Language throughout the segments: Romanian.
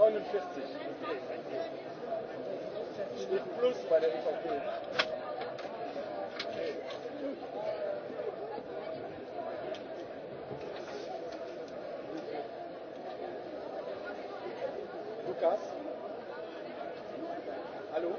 49. Steht Plus bei der EVP. Lukas? Hallo?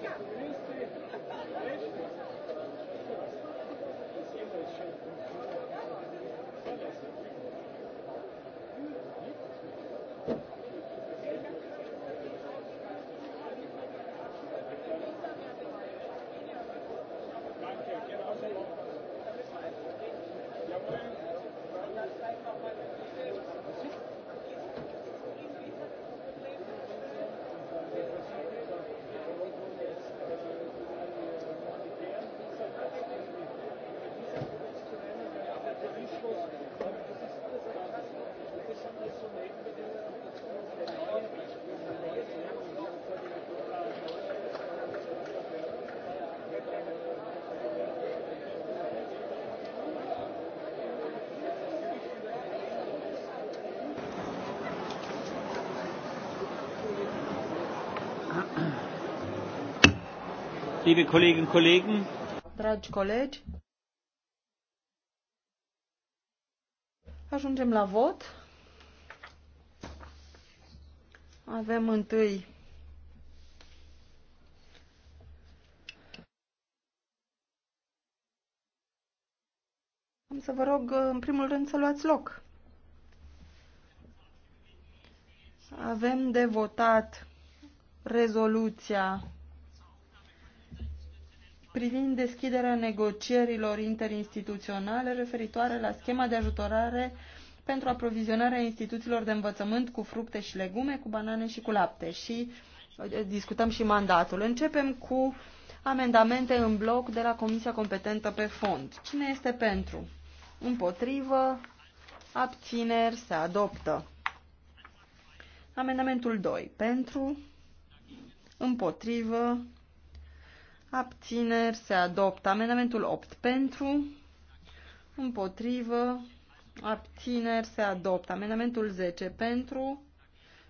Este, este, este. liebe Kolleginnen und Kollegen. Dragi colegi, ajungem la vot. Avem întâi Am să vă rog, în primul rând, să luați loc. Avem de votat rezoluția privind deschiderea negocierilor interinstituționale referitoare la schema de ajutorare pentru aprovizionarea instituțiilor de învățământ cu fructe și legume, cu banane și cu lapte. Și eh, discutăm și mandatul. Începem cu amendamente în bloc de la Comisia Competentă pe Fond. Cine este pentru? Împotrivă? Abțineri? Se adoptă. Amendamentul 2. Pentru? Împotrivă? Abțineri se adoptă. Amendamentul 8 pentru. Împotrivă. Abțineri se adoptă. Amendamentul 10 pentru.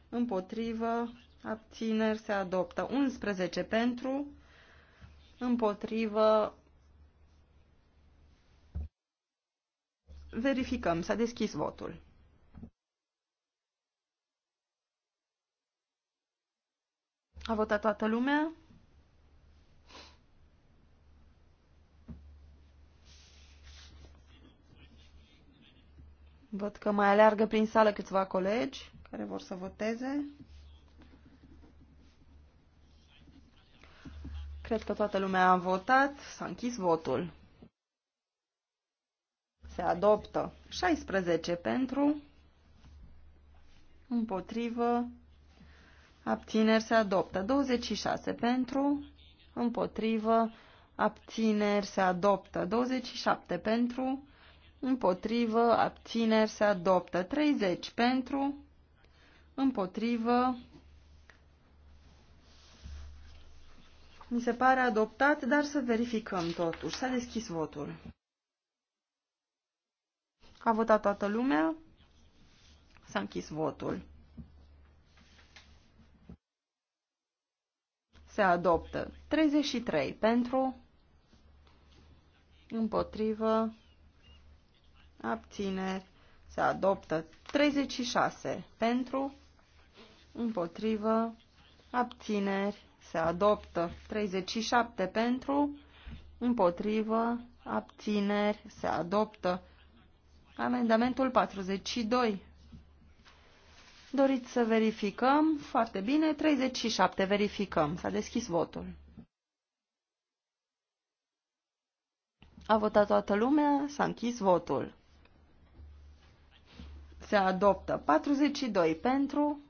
Împotrivă. Abțineri se adoptă. 11 pentru. Împotrivă. Verificăm. S-a deschis votul. A votat toată lumea? Văd că mai aleargă prin sală câțiva colegi care vor să voteze. Cred că toată lumea a votat. S-a închis votul. Se adoptă 16 pentru, împotrivă, abțineri se adoptă 26 pentru, împotrivă, abțineri se adoptă 27 pentru, împotrivă, abțineri, se adoptă. 30 pentru, împotrivă, mi se pare adoptat, dar să verificăm totuși. S-a deschis votul. A votat toată lumea, s-a închis votul. Se adoptă 33 pentru, împotrivă, abțineri, se adoptă 36 pentru, împotrivă, abțineri, se adoptă 37 pentru, împotrivă, abțineri, se adoptă amendamentul 42. Doriți să verificăm? Foarte bine, 37 verificăm. S-a deschis votul. A votat toată lumea, s-a închis votul se adoptă. 42 pentru,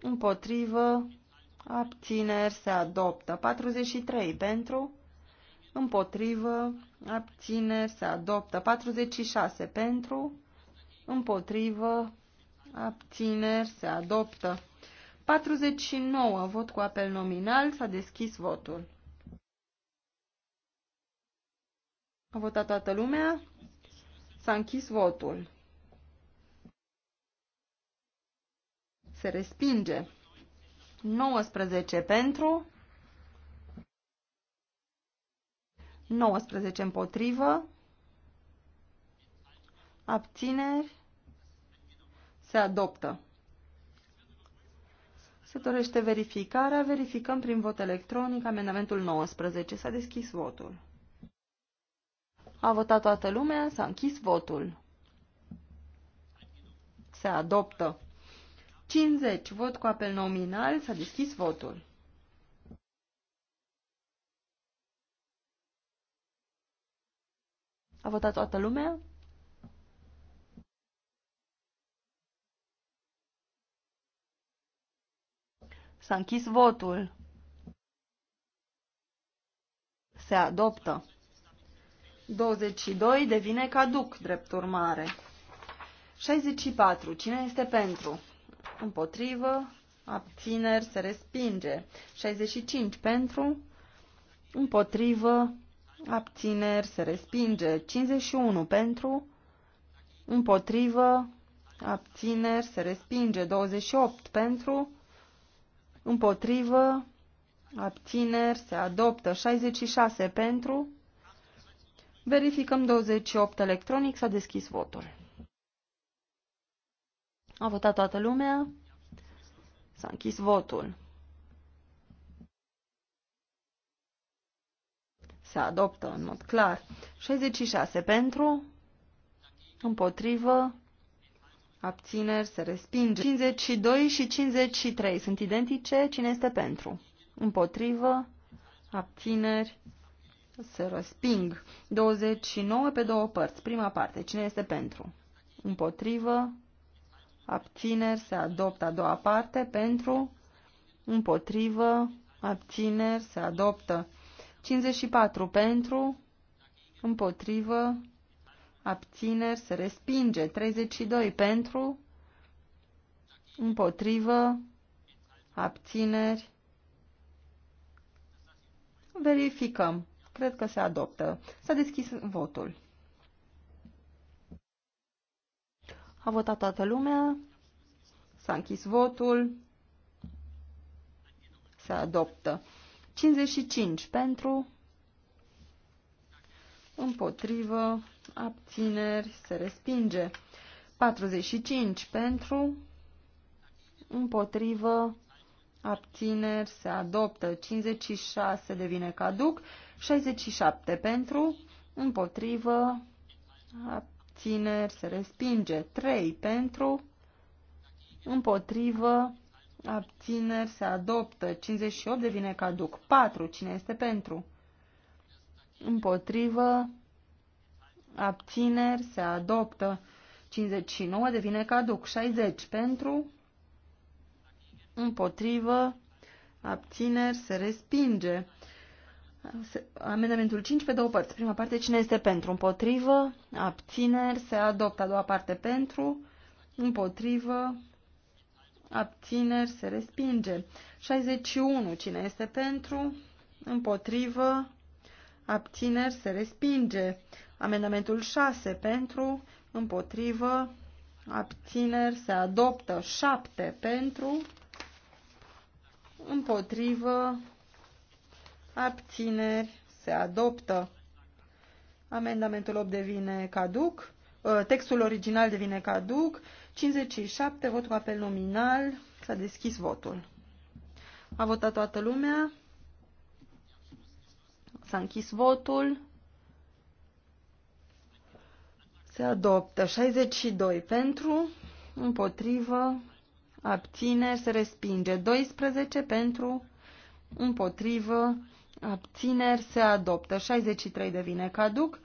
împotrivă, abțineri, se adoptă. 43 pentru, împotrivă, abțineri, se adoptă. 46 pentru, împotrivă, abțineri, se adoptă. 49, vot cu apel nominal, s-a deschis votul. A votat toată lumea, S-a închis votul. Se respinge. 19 pentru, 19 împotrivă, abțineri, se adoptă. Se dorește verificarea, verificăm prin vot electronic amendamentul 19. S-a deschis votul. A votat toată lumea, s-a închis votul. Se adoptă. 50. Vot cu apel nominal, s-a deschis votul. A votat toată lumea? S-a închis votul. Se adoptă. 22 devine caduc, drept urmare. 64. Cine este pentru? Împotrivă. Abțineri se respinge. 65 pentru. Împotrivă. Abțineri se respinge. 51 pentru. Împotrivă. Abțineri se respinge. 28 pentru. Împotrivă. Abțineri se adoptă. 66 pentru Verificăm 28 electronic, s-a deschis votul. A votat toată lumea, s-a închis votul. Se adoptă în mod clar. 66 pentru, împotrivă, abțineri, se respinge. 52 și 53 sunt identice, cine este pentru? Împotrivă, abțineri, se răsping. 29 pe două părți. Prima parte. Cine este pentru? Împotrivă. Abțineri. Se adoptă a doua parte. Pentru. Împotrivă. Abțineri. Se adoptă. 54 pentru. Împotrivă. Abțineri. Se respinge. 32 pentru. Împotrivă. Abțineri. Verificăm. Cred că se adoptă. S-a deschis votul. A votat toată lumea. S-a închis votul. Se adoptă. 55 pentru, împotrivă, abțineri, se respinge. 45 pentru, împotrivă, abțineri, se adoptă. 56 devine caduc 67 pentru, împotrivă, abțineri, se respinge. 3 pentru, împotrivă, abțineri, se adoptă. 58 devine caduc. 4, cine este pentru? Împotrivă, abțineri, se adoptă. 59 devine caduc. 60 pentru, împotrivă, abțineri, se respinge. Amendamentul 5 pe două părți. Prima parte, cine este pentru? Împotrivă, abțineri, se adoptă. A doua parte, pentru, împotrivă, abțineri, se respinge. 61, cine este pentru? Împotrivă, abțineri, se respinge. Amendamentul 6, pentru, împotrivă, abțineri, se adoptă. 7, pentru, împotrivă, abțineri, se adoptă. Amendamentul 8 devine caduc, ă, textul original devine caduc, 57, vot cu apel nominal, s-a deschis votul. A votat toată lumea, s-a închis votul, se adoptă 62 pentru, împotrivă, abțineri, se respinge 12 pentru, împotrivă, abțineri, se adoptă. 63 devine caduc.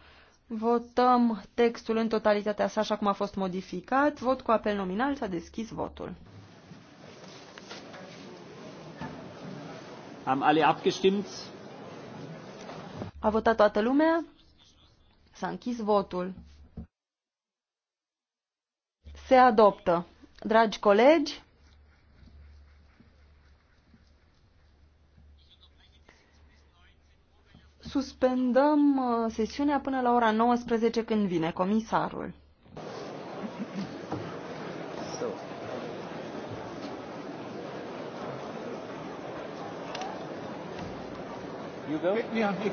Votăm textul în totalitatea sa așa cum a fost modificat. Vot cu apel nominal. S-a deschis votul. Am alle abgestimmt? A votat toată lumea? S-a închis votul. Se adoptă. Dragi colegi, suspendăm uh, sesiunea până la ora 19 când vine comisarul. You go? Yeah.